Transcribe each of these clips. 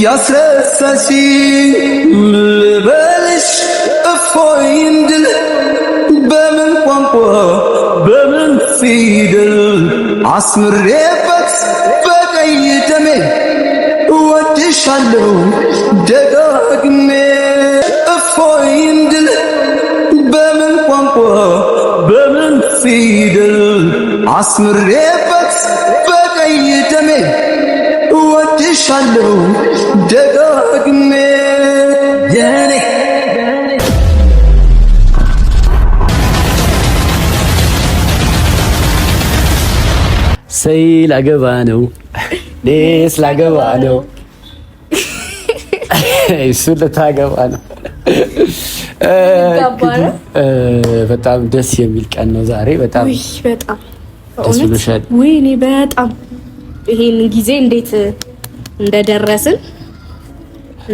እያስረሳሽ ልበልሽ እፎይ እንድል በምን ቋንቋ በምን ፊደል አስምሬበት በቀይ ደሜ ወድሻለሁ ደጋግሜ እፎይ እንድል በምን ቋንቋ በምን ፊደል አስምሬበት በቀይ ደሜ ወድሻለሁ ላገባ ነው ኔስ ላገባ ነው እሱ ልታገባ ነው። በጣም ደስ የሚል ቀን ነው ዛሬ። በጣም ደስ ብሎሻል። ወይኔ በጣም ይሄን ጊዜ እንዴት እንደደረስን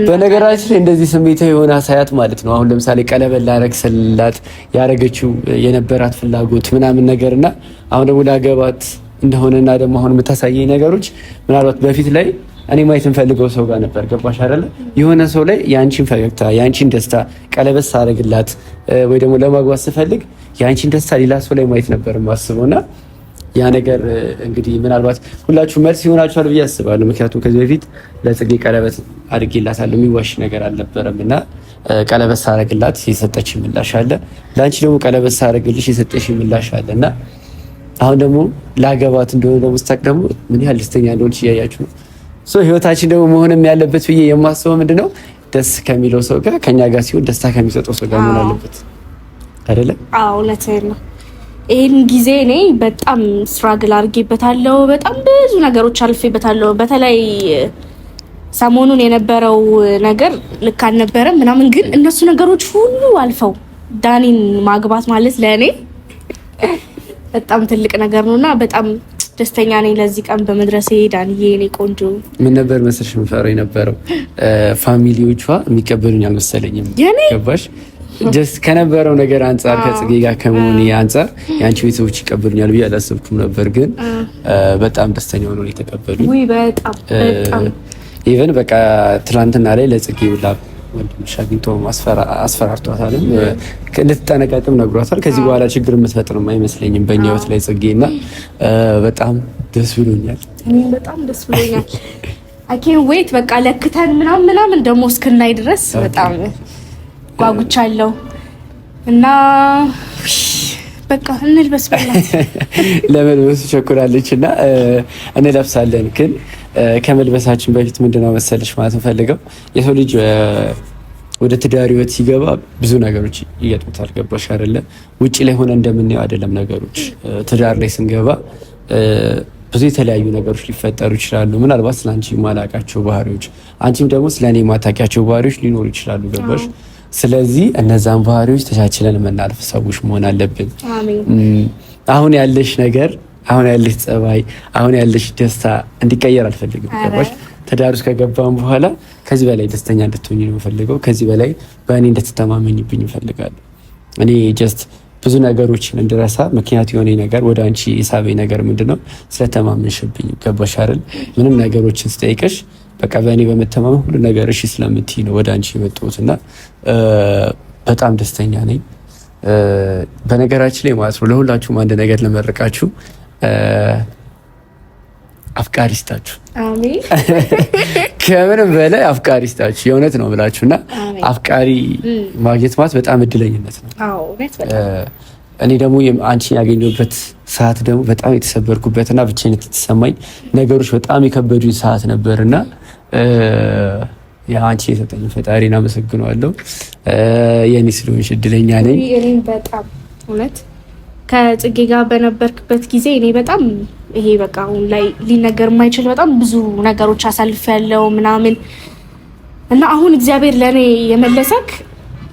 በነገራችን እንደዚህ ስሜታ የሆነ አሳያት ማለት ነው። አሁን ለምሳሌ ቀለበት ላረግ ስላት ያረገችው የነበራት ፍላጎት ምናምን ነገር እና አሁን ደግሞ ላገባት እንደሆነና ደግሞ አሁን የምታሳየኝ ነገሮች ምናልባት በፊት ላይ እኔ ማየት እንፈልገው ሰው ጋር ነበር። ገባሽ አይደለ? የሆነ ሰው ላይ የአንቺን ፈገግታ፣ የአንቺን ደስታ ቀለበት ሳደርግላት ወይ ደግሞ ለማግባት ስፈልግ የአንቺን ደስታ ሌላ ሰው ላይ ማየት ነበር የማስበው እና ያ ነገር እንግዲህ ምናልባት ሁላችሁ መልስ ይሆናችኋል ብዬ አስባለሁ። ምክንያቱም ከዚህ በፊት ለጽጌ ቀለበት አድርጌላታለሁ የሚዋሽ ነገር አልነበረም እና ቀለበት ሳደርግላት የሰጠች ምላሽ አለ። ለአንቺ ደግሞ ቀለበት ሳደርግልሽ የሰጠች ምላሽ አለ እና አሁን ደግሞ ላገባት እንደሆነ ደግሞ ስታቅ ደግሞ ምን ያህል ደስተኛ እንደሆነች እያያችሁ ነው። ሶ ህይወታችን ደግሞ መሆንም ያለበት ብዬ የማስበው ምንድን ነው ደስ ከሚለው ሰው ጋር ከኛ ጋር ሲሆን ደስታ ከሚሰጠው ሰው ጋር መሆን አለበት አይደለ? ነው። ይህን ጊዜ እኔ በጣም ስትራግል አድርጌበታለሁ። በጣም ብዙ ነገሮች አልፌበታለሁ። በተለይ ሰሞኑን የነበረው ነገር ልክ አልነበረም ምናምን፣ ግን እነሱ ነገሮች ሁሉ አልፈው ዳኒን ማግባት ማለት ለእኔ በጣም ትልቅ ነገር ነውና በጣም ደስተኛ ነኝ ለዚህ ቀን በመድረሴ። ዳንዬ የኔ ቆንጆ ምን ነበር መሰለሽ የምፈራው የነበረው ፋሚሊዎቿ የሚቀበሉኝ አልመሰለኝም። ገባሽ? ጀስት ከነበረው ነገር አንጻር ከጽጌ ጋር ከመሆኔ አንጻር የአንቺ ቤተሰቦች ይቀበሉኛል ብዬ አላሰብኩም ነበር፣ ግን በጣም ደስተኛ ሆነው የተቀበሉኝ። በጣም ኢቨን በቃ ትናንትና ላይ ለጽጌ ውላ ወንድምሽ አግኝቶ አስፈራርቷታልም እንድትጠነቀቅም ነግሯታል። ከዚህ በኋላ ችግር የምትፈጥርም አይመስለኝም በእኛ ህይወት ላይ ጽጌ እና በጣም ደስ ብሎኛል። እኔም በጣም ደስ ብሎኛል። አኬን ዌይት በቃ ለክተን ምናምን ምናምን ደግሞ እስክናይ ድረስ በጣም ጓጉቻለሁ እና በቃ እንልበስ ብላት ለመልበስ ቸኩላለች እና እንለብሳለን። ግን ከመልበሳችን በፊት ምንድነው መሰለች ማለት እንፈልገው የሰው ልጅ ወደ ትዳር ህይወት ሲገባ ብዙ ነገሮች ይገጥሙታል። ገባሽ አይደለ? ውጭ ላይ ሆነ እንደምናየው አይደለም ነገሮች። ትዳር ላይ ስንገባ ብዙ የተለያዩ ነገሮች ሊፈጠሩ ይችላሉ። ምናልባት ስለ አንቺ የማላውቃቸው ባህሪዎች፣ አንቺም ደግሞ ስለ እኔ የማታውቂያቸው ባህሪዎች ሊኖሩ ይችላሉ። ገባሽ ስለዚህ እነዛን ባህሪዎች ተቻችለን የምናልፍ ሰዎች መሆን አለብን። አሁን ያለሽ ነገር፣ አሁን ያለሽ ጸባይ፣ አሁን ያለሽ ደስታ እንዲቀየር አልፈልግም። ገባሽ? ትዳር ውስጥ ከገባም በኋላ ከዚህ በላይ ደስተኛ እንድትሆኝ ነው የምፈልገው። ከዚህ በላይ በእኔ እንድትተማመኝብኝ እፈልጋለሁ። እኔ ጀስት ብዙ ነገሮችን እንድረሳ ምክንያት የሆነ ነገር ወደ አንቺ የሳበኝ ነገር ምንድነው? ስለተማመንሽብኝ። ገባሽ አይደል? ምንም ነገሮችን ስጠይቅሽ በቃ በእኔ በመተማመን ሁሉ ነገር እሺ ስለምትይ ነው ወደ አንቺ የመጣሁት እና በጣም ደስተኛ ነኝ። በነገራችን ላይ ማለት ነው ለሁላችሁም አንድ ነገር ለመረቃችሁ አፍቃሪ ስታችሁ ከምንም በላይ አፍቃሪ ስታችሁ የእውነት ነው ብላችሁ እና አፍቃሪ ማግኘት ማለት በጣም እድለኝነት ነው። እኔ ደግሞ አንቺ ያገኘሁበት ሰዓት ደግሞ በጣም የተሰበርኩበትና ብቸኝነት የተሰማኝ ነገሮች በጣም የከበዱኝ ሰዓት ነበር እና አንቺ የሰጠኝ ፈጣሪን አመሰግነዋለሁ። የኔ ስለሆንሽ እድለኛ ነኝ። እኔም በጣም እውነት ከጽጌ ጋር በነበርክበት ጊዜ እኔ በጣም ይሄ በቃ አሁን ላይ ሊነገር የማይችል በጣም ብዙ ነገሮች አሳልፍ ያለው ምናምን እና አሁን እግዚአብሔር ለእኔ የመለሰክ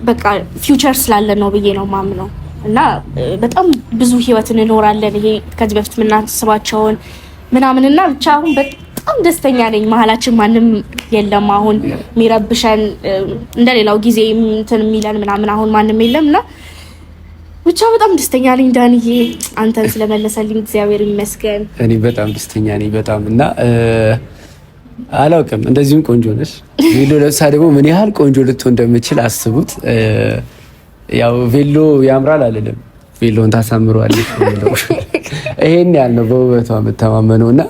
በቃ ፊውቸር ስላለ ነው ብዬ ነው ማምነው እና በጣም ብዙ ህይወት እንኖራለን። ይሄ ከዚህ በፊት የምናስባቸውን ምናምን እና ብቻ አሁን በጣም ደስተኛ ነኝ። መሀላችን ማንም የለም አሁን የሚረብሸን እንደሌላው ጊዜ እንትን የሚለን ምናምን አሁን ማንም የለም እና ብቻ በጣም ደስተኛ ነኝ። ዳንዬ አንተን ስለመለሰልኝ እግዚአብሔር ይመስገን። እኔ በጣም ደስተኛ ነኝ በጣም እና አላውቅም እንደዚሁም ቆንጆ ነሽ። ሌሎ ለብሳ ደግሞ ምን ያህል ቆንጆ ልትሆን እንደምችል አስቡት። ያው ቬሎ ያምራል አልልም፣ ቬሎን ታሳምረዋል። ይሄን ያህል ነው በውበቷ የምተማመነው እና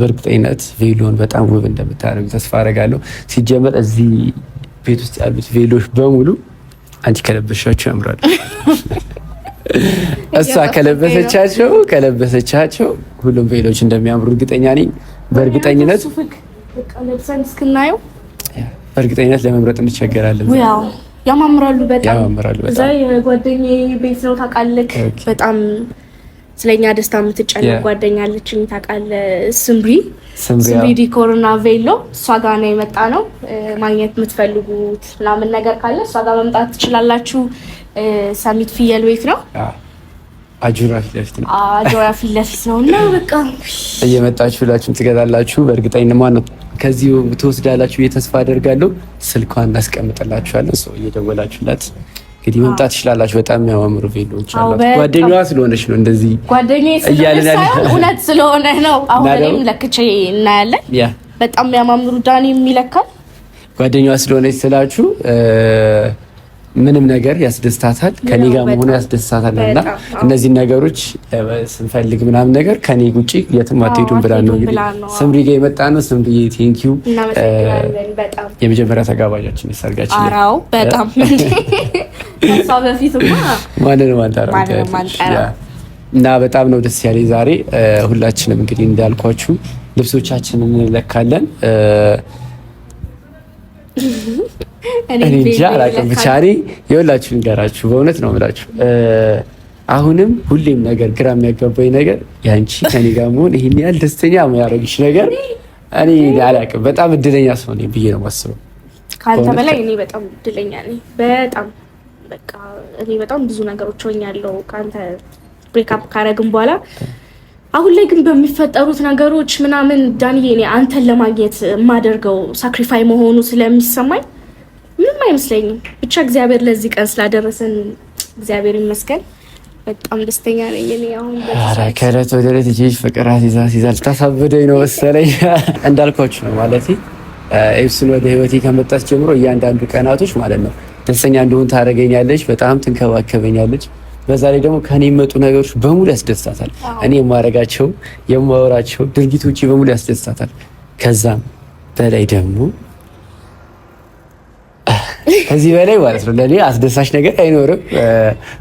በእርግጠኝነት ቬሎን በጣም ውብ እንደምታደርግ ተስፋ አደርጋለሁ። ሲጀመር እዚህ ቤት ውስጥ ያሉት ቬሎች በሙሉ አንቺ ከለበሻቸው ያምራሉ። እሷ ከለበሰቻቸው ከለበሰቻቸው ሁሉም ቬሎች እንደሚያምሩ እርግጠኛ ነኝ። በእርግጠኝነት በእርግጠኝነት ለመምረጥ እንቸገራለን። ያማምራሉ በጣም እዛ የጓደኛዬ ቤት ነው ታውቃለህ። በጣም ስለኛ ደስታ የምትጨነቅ ጓደኛ አለችኝ ታውቃለህ። ስምሪ ስምሪ ዲኮር እና ቬሎ እሷ ጋር ነው የመጣ ነው። ማግኘት የምትፈልጉት ምናምን ነገር ካለ እሷ ጋር መምጣት ትችላላችሁ። ሳሚት ፍየል ቤት ነው አጆራ ፊት ለፊት ነው። አጆራ ፊት ለፊት ነው እና በቃ እየመጣችሁ ሁላችሁም ትገዛላችሁ በእርግጠኝነት ማለት ነው። ከዚህ ትወስዳላችሁ ብዬ ተስፋ አደርጋለሁ። ስልኳን እናስቀምጥላችኋለን። ሰው እየደወላችሁላት እንግዲህ መምጣት ትችላላችሁ። በጣም የሚያማምሩ ቬሎዎች አሉ። ጓደኛዋ ስለሆነች ነው እንደዚህ እያልን እውነት ስለሆነ ነው። አሁንም ለክቼ እናያለን። በጣም የሚያማምሩ ዳኒ የሚለካል ጓደኛዋ ስለሆነች ስላችሁ ምንም ነገር ያስደስታታል፣ ከኔ ጋር መሆኑ ያስደስታታል። እና እነዚህን ነገሮች ስንፈልግ ምናምን ነገር ከኔ ውጭ የትም አትሄዱም ብላ ነው እንግዲህ ስምሪ የመጣ ነው። ስምሪ ቴንኪዩ። የመጀመሪያ ተጋባዣችን የሰርጋችን በጣም አንጠራ እና በጣም ነው ደስ ያለኝ ዛሬ። ሁላችንም እንግዲህ እንዳልኳችሁ ልብሶቻችንን እንለካለን። እኔ እንጃ አላውቅም። ብቻ እኔ የሁላችሁ ንገራችሁ በእውነት ነው የምላችሁ። አሁንም ሁሌም ነገር ግራ የሚያጋባኝ ነገር ያንቺ ከኔ ጋር መሆን ይህን ያህል ደስተኛ ያደረግሽ ነገር እኔ አላውቅም። በጣም እድለኛ ሰው ነኝ ብዬ ነው የማስበው። ከአንተ በላይ እኔ በጣም እድለኛ ነኝ። በጣም በቃ እኔ በጣም ብዙ ነገሮች ሆኛለሁ ከአንተ ብሬክአፕ ካረግን በኋላ አሁን ላይ ግን በሚፈጠሩት ነገሮች ምናምን ዳንዬ እኔ አንተን ለማግኘት የማደርገው ሳክሪፋይ መሆኑ ስለሚሰማኝ አይመስለኝም። ብቻ እግዚአብሔር ለዚህ ቀን ስላደረሰን እግዚአብሔር ይመስገን። በጣም ደስተኛ ነኝ። ከዕለት ወደ ዕለት ልጅ ፍቅር አሲዛ ሲዛ ነው መሰለኝ። እንዳልኳችሁ ነው ማለት ኤብስን ወደ ህይወቴ ከመጣች ጀምሮ እያንዳንዱ ቀናቶች ማለት ነው ደስተኛ እንደሆን ታደርገኛለች። በጣም ትንከባከበኛለች። በዛ ላይ ደግሞ ከኔ የመጡ ነገሮች በሙሉ ያስደስታታል። እኔ የማደርጋቸው የማወራቸው ድርጊቶች በሙሉ ያስደስታታል። ከዛም በላይ ደግሞ ከዚህ በላይ ማለት ነው ለእኔ አስደሳች ነገር አይኖርም።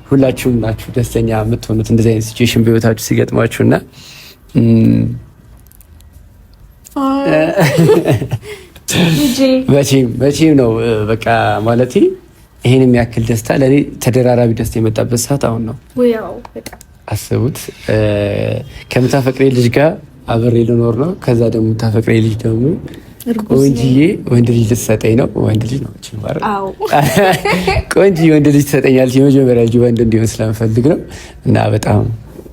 ሁላችሁም ናችሁ ደስተኛ የምትሆኑት እንደዚህ አይነት ሲቹዌሽን በህይወታችሁ ሲገጥማችሁ እና መቼም መቼም ነው በቃ ማለት ይሄን የሚያክል ደስታ ለእኔ ተደራራቢ ደስታ የመጣበት ሰዓት አሁን ነው። አስቡት ከምታፈቅሬ ልጅ ጋር አብሬ ልኖር ነው። ከዛ ደግሞ ምታፈቅሬ ልጅ ደግሞ ቆንጅዬ ወንድ ልጅ ልትሰጠኝ ነው። ወንድ ልጅ ነው ቆንጅዬ ወንድ ልጅ ትሰጠኛለች። የመጀመሪያ ልጅ ወንድ እንዲሆን ስለምፈልግ ነው እና በጣም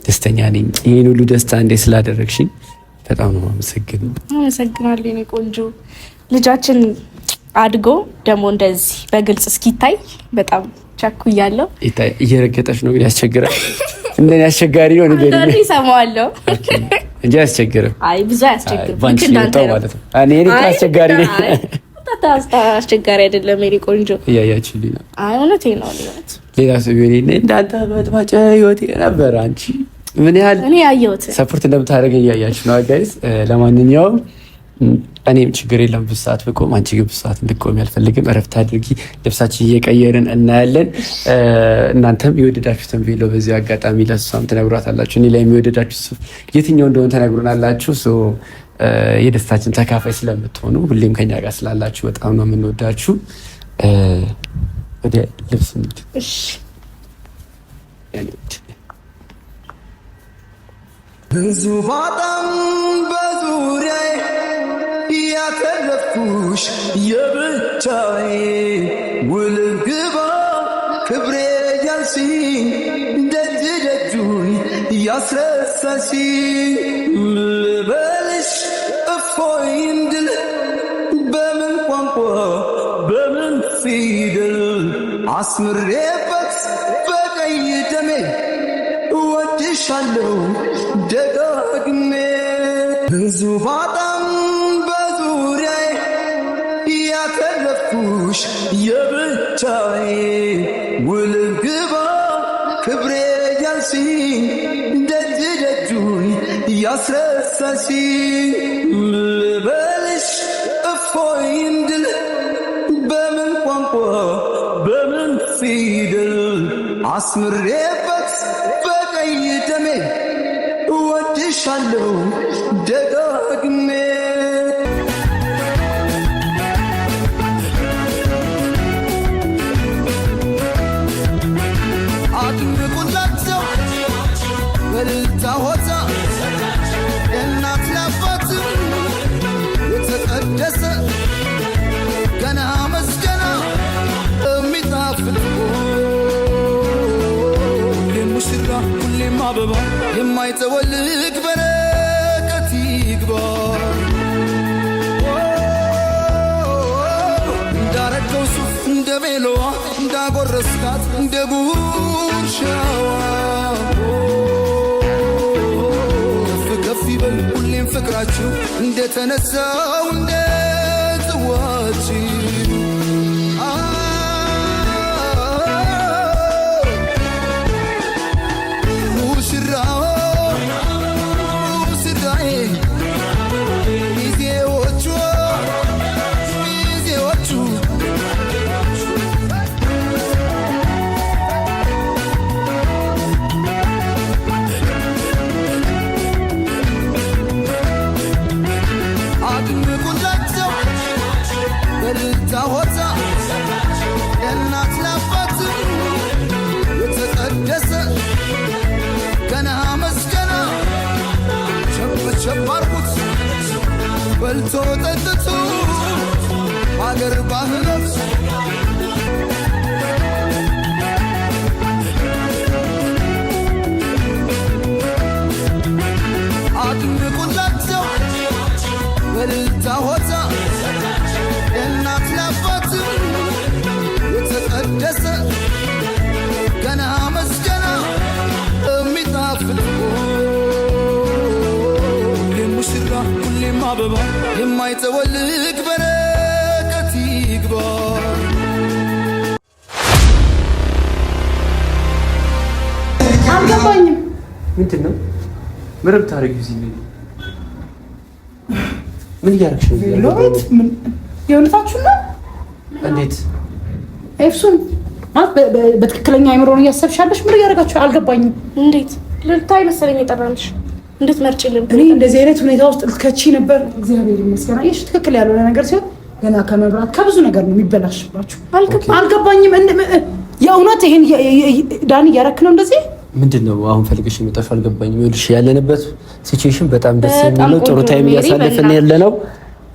ደስተኛ ነኝ። ይህን ሁሉ ደስታ እንዴ ስላደረግሽኝ በጣም ነው አመሰግን አመሰግናለሁ። የእኔ ቆንጆ ልጃችን አድጎ ደግሞ እንደዚህ በግልጽ እስኪታይ በጣም ቸኩያለሁ። እየረገጠች ነው ያስቸግራል። እንደኔ አስቸጋሪ ነው ይሰማዋለሁ እንጂ አያስቸግርም። አይ ብዙ አያስቸግርም ማለት ነው። እኔ አስቸጋሪ ነኝ። አስቸጋሪ አይደለም። ኔ ቆንጆ እያያችሁ ነው። አይ እውነቴ ነው። ሌላ ሰው ቢሆን እንዳንተ በጥባጭ ህይወቴ ነበር። አንቺ ምን ያህል ሰፖርት እንደምታደርገኝ እያያችሁ ነው ጋይስ። ለማንኛውም እኔም ችግር የለም ብዙ ሰዓት ብቆም፣ አንቺ ግን ብዙ ሰዓት እንድቆሚ አልፈልግም። እረፍት አድርጊ። ልብሳችን እየቀየርን እናያለን። እናንተም የወደዳችሁትን ቬሎ በዚህ አጋጣሚ ለሷም ትነግሯታላችሁ፣ እኔ ላይ የወደዳችሁ የትኛው እንደሆነ ተነግሩናላችሁ። የደስታችን ተካፋይ ስለምትሆኑ ሁሌም ከኛ ጋር ስላላችሁ በጣም ነው የምንወዳችሁ። ወደ ልብስ ብዙ በጣም በዙሪያ ያተረፍኩሽ የብቻዬ ውልግባ ክብሬ ያልሲ እንደጅ ደጁን ያስረሳሲ ልበልሽ እፎይ እንድል በምን ቋንቋ በምን ፊደል አስምሬበት በቀይ ደሜ እወድሻለሁ ደጋግሜ ብዙ ባጣ ያልኩሽ የብቻዬ ውልግባ ግባ ክብሬ ያልሲ ደጅ ደጁን ያስረሳሲ ልበልሽ እፎይ እንድል በምን ቋንቋ በምን ፊደል አስምሬበት በቀይ ደሜ ወድሻለሁ የበልታ ሆታ ለእናት ለአባት የተቀደሰ ገና መስገና የሚጣፍል ሁሌም ሙሽራ ሁሌም አበባ የማይጠወልቅ በረከት ይግባ እንዳረገው ሱፍ እንደ ሜሎዋ እንዳጎረስካት እንደ ጉርሻዋ ከልባችሁ እንደተነሳው እንደ ጽዋችሁ you. ምን ብታረጊ እዚህ ምን ምን እያደረግሽ ነው? ሎቤት ምን የእውነታችሁ ነው? እንዴት ኤፍሱን በትክክለኛ አይምሮ ነው እያሰብሻለሽ? ምን እያደረጋችሁ አልገባኝም። እንዴት ልታይ መሰለኝ የጠራንሽ እንዴት መርጭ ልብ እኔ እንደዚህ አይነት ሁኔታ ውስጥ ልከቺ ነበር። እግዚአብሔር ይመስገን። አየሽ፣ ትክክል ያልሆነ ነገር ሲሆን ገና ከመብራት ከብዙ ነገር ነው የሚበላሽባችሁ። አልገባኝም። የእውነት ይሄን ዳን እያረክ ነው እንደዚህ ምንድን ነው አሁን ፈልግሽ የመጣሽ አልገባኝም። ይኸውልሽ ያለንበት ሲቹዌሽን በጣም ደስ የሚለው ጥሩ ታይም እያሳለፍን ያለ ነው።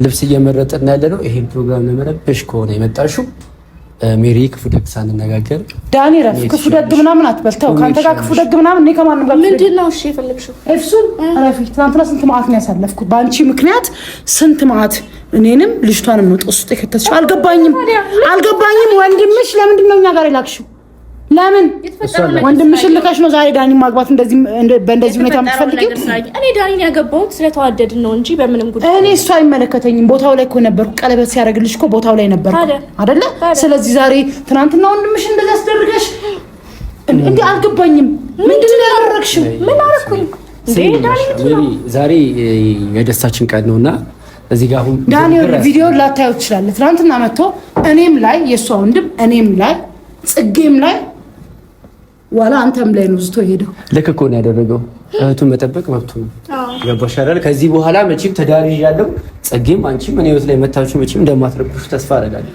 ልብስ እየመረጥን ያለ ነው። ይሄን ፕሮግራም ለመረበሽ ከሆነ የመጣሽው ሜሪ ክፉ ደግ ሳንነጋገር ዳኒ ረፍ ክፉ ደግ ምናምን አትበልተው። ከአንተ ጋር ክፉ ደግ ምናምን እኔ ከማንም ጋር ምንድን ነው እሺ የፈለግሽው? እሱን ረፊ ትናንትና ስንት መዓት ነው ያሳለፍኩት በአንቺ ምክንያት ስንት መዓት እኔንም ልጅቷንም ነው ውስጥ የከተትሽው። አልገባኝም አልገባኝም። ወንድምሽ ለምንድን ነው እኛ ጋር የላክሽው? ለምን ወንድምሽን ልከሽ ነው ዛሬ ዳኒ ማግባት በእንደዚህ ሁኔታ የምትፈልጊው? እኔ ዳኒን ያገባሁት ስለተዋደድን ነው እንጂ በምንም ጉዳይ እኔ እሱ አይመለከተኝም። ቦታው ላይ እኮ ነበርኩ። ቀለበት ሲያደርግልሽ እኮ ቦታው ላይ ነበርኩ አይደለ? ስለዚህ ዛሬ ትናንትና ወንድምሽን እንደዚህ አስደርገሽ እንዲህ አልገባኝም። ምንድን ነው ያደረግሽው? ምን አደረኩኝ? ዛሬ የደስታችን ቀን ነውና እዚህ ጋር አሁን ዳኒ ቪዲዮ ላታዩ ትችላለህ። ትናንትና መጥቶ እኔም ላይ የእሷ ወንድም እኔም ላይ ጽጌም ላይ ዋላ አንተም ላይ ነው ዝቶ ሄደው። ልክ እኮ ነው ያደረገው። እህቱን መጠበቅ መብቱ ነው። ገባሽ አይደል? ከዚህ በኋላ መቼም ተዳሪ ያለው ጸጌም፣ አንቺም እኔ ህይወት ላይ መታችሁ መቼም እንደማትረግፉ ተስፋ አደርጋለሁ።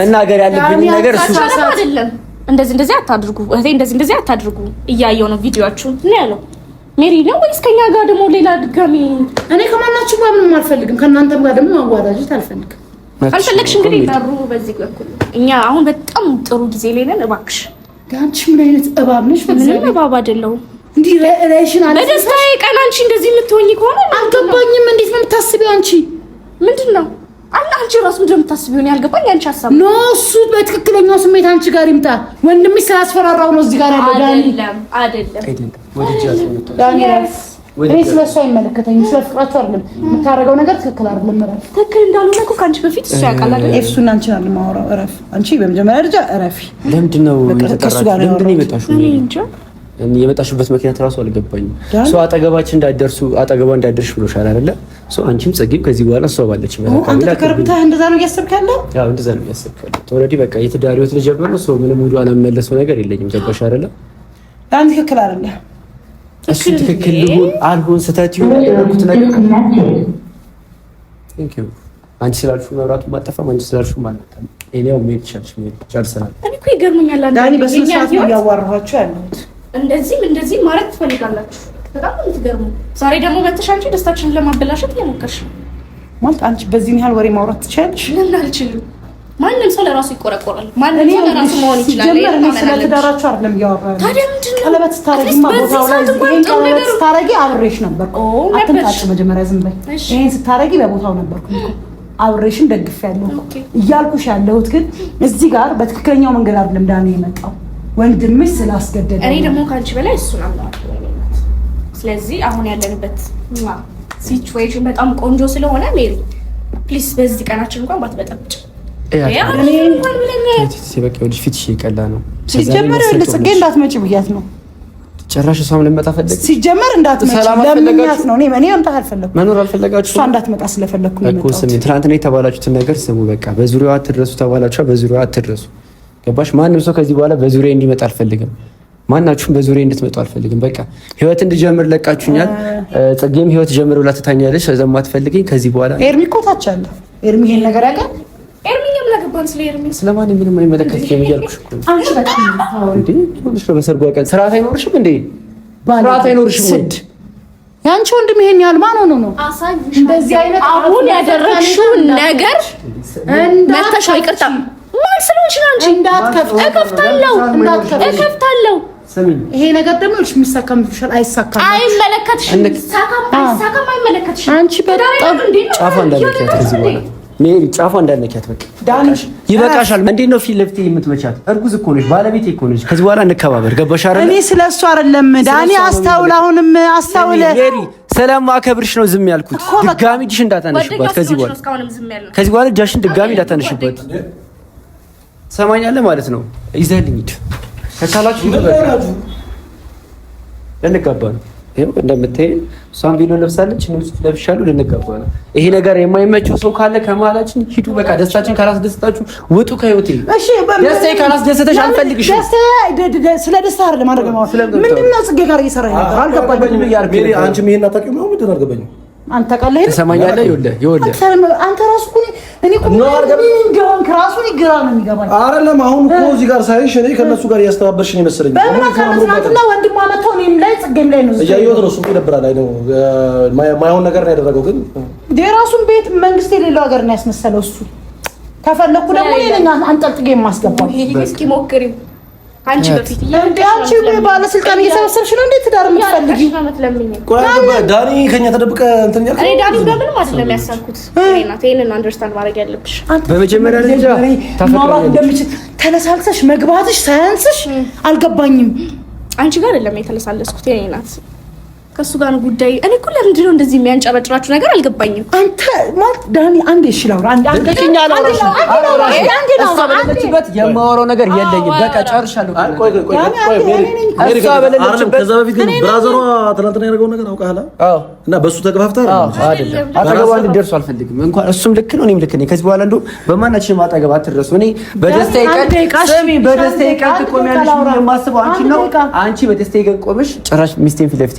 መናገር ያለብኝ ነገር እሱ አይደለም። እንደዚህ እንደዚህ አታድርጉ እህቴ፣ እንደዚህ እንደዚህ አታድርጉ እያየው ነው ቪዲዮአችሁ ነው ያለው። ሜሪ ነው ወይስ ከኛ ጋር ደግሞ ሌላ ድጋሚ? እኔ ከማናችሁ ጋር ምንም አልፈልግም። ከእናንተም ጋር ደግሞ ማዋዳጅት አልፈልግም። አልፈልግሽ እንግዲህ በሩ በዚህ በኩል እኛ አሁን በጣም ጥሩ ጊዜ ላይ ነን። እባክሽ አንቺ ምን አይነት እባብ ነሽ? ምንም እባብ አይደለሁም። እንዲህ ራሽን አለ በደስታዬ ቀን አንቺ እንደዚህ የምትሆኝ ከሆነ አልገባኝም። እንዴት ነው የምታስቢው አንቺ? ምንድን ነው አንቺ ራሱ እንደምታስቢው ነው ያልገባኝ። አንቺ ሀሳብ ኖ፣ እሱ በትክክለኛው ስሜት አንቺ ጋር ይምጣ። ወንድሜ ስላስፈራራው ነው እዚህ ጋር ያለው። አይደለም አይደለም እኔ ስለሱ አይመለከተኝም። ስለ ፍቅራችሁ አይደለም የምታደርገው ነገር ትክክል አይደለም። እረፍ። ትክክል እንዳልሆነ እኮ ከአንቺ በፊት እሱ ያውቃል አይደል? እሱ እና አንቺን የማወራው። እረፍ። አንቺ በመጀመሪያ ደረጃ እረፊ። ለምንድን ነው የመጣሽበት ምክንያት እራሱ አልገባኝም። ሰው አጠገባችን እንዳትደርሱ አጠገባ እንዳትደርሽ ብሎሻል አይደለ? ሰው አንቺም ጸጊም ከዚህ በኋላ እሷ ባለች እንደዛ ነው እያሰብክ በቃ የትዳር ህይወት ልጀምር ነው። ሰው ምንም ውዱ አላመለሰው ነገር የለኝም። ገባሽ አይደለ? አንተ ትክክል አይደለም እሱ ትክክል ልሁን አልሁን ስተት ይሁን ያደረኩት ነገር አንቺ ስላልሹ መብራቱ ማጠፋም አንቺ ስላልሹ ማለትም እኔው ሜድ ቸርች ሜድ ጨርሰናል እኮ ይገርምኛል። ዳኒ በስነ ስርዓት እያዋራኋችሁ ያለሁት እንደዚህም እንደዚህ ማለት ትፈልጋላችሁ። በጣም ነው የምትገርሙ። ዛሬ ደግሞ መተሽ አንቺ ደስታችንን ለማበላሸት እየሞከርሽ ማለት አንቺ በዚህን ያህል ወሬ ማውራት ትችያለሽ? ምን አልችልም? ማንም ሰው ለራሱ ይቆረቆራል። ማንም ሰው ለራሱ መሆን ይችላል። እኔ ስለ ትዳራችሁ አይደለም እያወራ ነው። ቀለበት ስታረጊማ ቦታው ላይ ይሄን ቀለበት ስታረጊ አብሬሽ ነበር። አትንጣጭ፣ መጀመሪያ ዝም በይ። ይሄን ስታረጊ በቦታው ነበርኩ አብሬሽን ደግፍ ያለሁ እያልኩሽ ያለሁት ግን እዚህ ጋር በትክክለኛው መንገድ አይደለም ዳኒ የመጣው ወንድምሽ ስላስገደደ እኔ ደግሞ ከአንቺ በላይ እሱን አምናለሁ። ስለዚህ አሁን ያለንበት ሲቹዌሽን በጣም ቆንጆ ስለሆነ ሜሪ ፕሊስ በዚህ ቀናችን እንኳን ባትበጠብጭ ፊትሽ የቀላ ነው ሲጀመር ጽጌ እንዳትመጪ ብያት ነው። ጭራሽ እሷም ልመጣ ፈለግ ሲጀመር መኖር አልፈለጋችሁ እሷ እንዳትመጣ ስለፈለግኩ ትናንትና የተባላችሁትን ነገር ስሙ። በቃ በዙሪያዋ አትድረሱ ተባላችኋ። በዙሪያዋ አትድረሱ። ገባሽ? ማንም ሰው ከዚህ በኋላ በዙሪያ እንዲመጣ አልፈልግም። ማናችሁም በዙሪያ እንድትመጡ አልፈልግም። በቃ ህይወት እንድጀምር ለቃችሁኛል። ጽጌም ህይወት ጀምር ብላ ትታኛለች። ስለዚያ የማትፈልገኝ ከዚህ በኋላ ኤርሚ እኮ ታች አለ። ኤርሚ ይሄን ነገር ያውቃል ስለማን ምንም አይመለከት የሚያልኩሽ እኮ አንቺ በጣም በሰርጓ ቀን ስርዓት አይኖርሽም እንዴ ስርዓት አይኖርሽም እንዴ ያንቺ ወንድም ይሄን ያህል ማን ሆኖ ነው እንደዚህ አይነት አሁን ያደረግሽው ነገር መተሻ ይቅርታ ማን ስለሆንሽ ነው አንቺ እንዳትከፍት እከፍታለሁ እንዳትከፍት እከፍታለሁ ይሄ ነገር ደግሞ ልጅ የሚሳካም ይሻል አይሳካም አይመለከትሽም አንቺ በጣም ጫፋ እንዳለች ከዚህ በኋላ ሜሪ ጫፏ እንዳነኪያት በቃ ዳንሽ ይበቃሻል። እንዴት ነው ፊት ለፊት የምትመቻት? እርጉዝ እኮ ነሽ፣ ባለቤት እኮ ነሽ። ከዚህ በኋላ እንከባበር። ገባሽ አይደል? እኔ ስለ እሱ አይደለም ዳኒ፣ አስተውል፣ አሁንም አስተውል። ሜሪ ስለማከብርሽ ነው ዝም ያልኩት። ድጋሚ እጅሽ እንዳታነሽበት ከዚህ በኋላ ከዚህ በኋላ እጃሽን ድጋሚ እንዳታነሽበት። ሰማኛለህ ማለት ነው። ይዘህልኝ ሂድ ከቻላችሁ። ልንጋባ ነው እንደምትሄድ እሷን ቬሎ ለብሳለች፣ እኔ ለብሻሉ ልንገባ ነው። ይሄ ነገር የማይመቸው ሰው ካለ ከመሀላችን ሂዱ። በቃ ደስታችን ካላስደስታችሁ ውጡ ከህይወቴ። ደስታዬ ካላስደሰተሽ አልፈልግሽም። ስለ ደስታ አይደለም። ምንድን ነው ጽጌ ጋር እየሰራ ነበር? አልገባኝም። አንቺም ይሄን አታውቂውም። ምንድን ነው አልገባኝም አንተ ቃል ትሰማኛለህ? ይኸውልህ ይኸውልህ አንተ ራሱ እኮ እኔ እኮ ራሱ ግራ ነው የሚገባኝ። አይደለም አሁን እኮ እዚህ ጋር ሳይሽ እኔ ከእነሱ ጋር እያስተባበርሽ ነው የመሰለኝ። ትናንትና ወንድሟ መተው እኔም ላይ ጽጌም ላይ ነው እያየሁት ነው። እሱም ይደብራል። አይ ነው የማይሆን ነገር ነው ያደረገው። ግን የራሱን ቤት መንግስት የሌለው ሀገር ነው ያስመሰለው እሱ። ከፈለኩ ደግሞ እኔ ነኝ አንጠልጥጌ የማስገባው። እስኪ ሞክሪው አንቺ ባለስልጣን እየሰበሰብሽ ነው እንዴ? ትዳር የምትፈልጊው ዳኒ ከኛ ተደብቀ እንትን እኔ ዳኒ ጋር አይደለም ያሰብኩት። ይሄንን አንደርስታንድ ማድረግ ያለብሽ በመጀመሪያ ደረጃ ማውራት እንደምችል ተለሳልሰሽ መግባትሽ ሳያንስሽ አልገባኝም። አንቺ ጋር አይደለም የተለሳለስኩት የእኔ ናት ከእሱ ጋር ጉዳይ እኔ እኮ ለምንድን ነው እንደዚህ የሚያንጨበጭራችሁ ነገር አልገባኝም። አንተ ማለት ዳኒ፣ አንዴ እሺ ላውራ፣ አንዴ እሷ የማወራው ነገር የለኝም። በቃ ጨርሻለሁ። ከዛ በፊት ግን ብራዘሯ ትናንትና ያደረገውን ነገር አውቃላ እና በእሱ ተገፋፍታ አይደለም አጠገቧ እንድትደርሱ አልፈልግም። እንኳን እሱም ልክ ነው፣ እኔም ልክ ነኝ። ከዚህ በኋላ እንዲሁ በማናችንም አጠገብ አትድረሱ። እኔ በደስታ ቀን ስሚ፣ በደስታዬ ቀን ትቆሚያለሽ። የማስበው አንቺን ነው። አንቺ በደስታ ቀን ቆመሽ ጭራሽ ሚስቴን ፊት ለፊት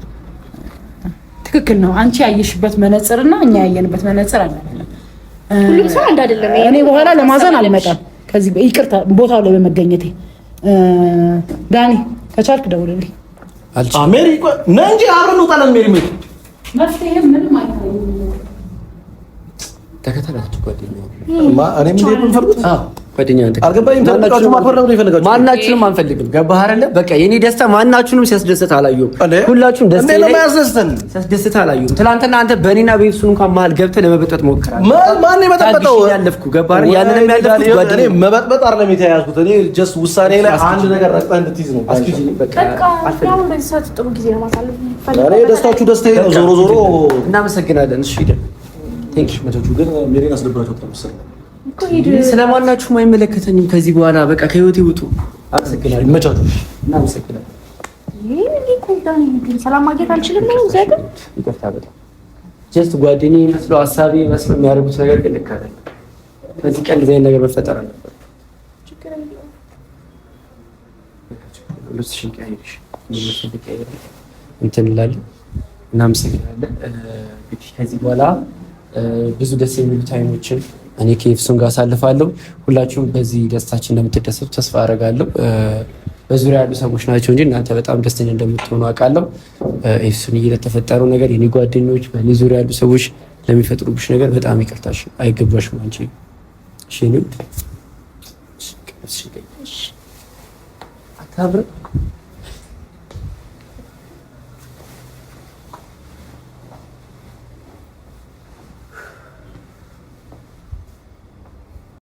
ትክክል ነው። አንቺ ያየሽበት መነጽርና እኛ ያየንበት መነጽር አለ። ሁሉም ሰው አንድ አይደለም። እኔ በኋላ ለማዘን አልመጣም። ከዚህ ይቅርታ ቦታው ላይ በመገኘቴ ዳኒ ከቻልክ ደውልልኝ። ሜሪ ነ እንጂ አብረን እንውጣለን። ሜሪ ሜሪ መፍትሄ ምንም አይሆንም። ተከተላችሁ ጓደኛ እኔ ማናችንም አንፈልግም። ገባህ አይደለ? በቃ የኔ ደስታ ማናችንም ሲያስደስት አላየሁም። ሁላችሁም ሲያስደስት አላየሁም። ትናንትና አንተ በእኔና በኤፍሱን እንኳን መሀል ገብተህ ለመበጠጥ ሞክረሃል። ማን ነው። ስለማናችሁም አይመለከተኝም። ከዚህ በኋላ በቃ ከህይወቴ ውጡ። አልችልም ነው ጀስት ጓደኛዬ መስሎ ሀሳቤ መስሎ የሚያደርጉት ነገር ግን ልክ አይደለም። ከዚህ ቀን ዲዛይን ነገር መፈጠር አልነበረም። እናመሰግናለን። ከዚህ በኋላ ብዙ ደስ የሚሉ ታይሞችን እኔ ከኤፍሶን ጋር አሳልፋለሁ። ሁላችሁም በዚህ ደስታችን እንደምትደሰቱ ተስፋ አደርጋለሁ። በዙሪያ ያሉ ሰዎች ናቸው እንጂ እናንተ በጣም ደስተኛ እንደምትሆኑ አውቃለሁ። ኤፍሶን ለተፈጠረው ነገር የኔ ጓደኞች፣ በእኔ ዙሪያ ያሉ ሰዎች ለሚፈጥሩብሽ ነገር በጣም ይቅርታሽ፣ አይገባሽም አንቺ ሽንም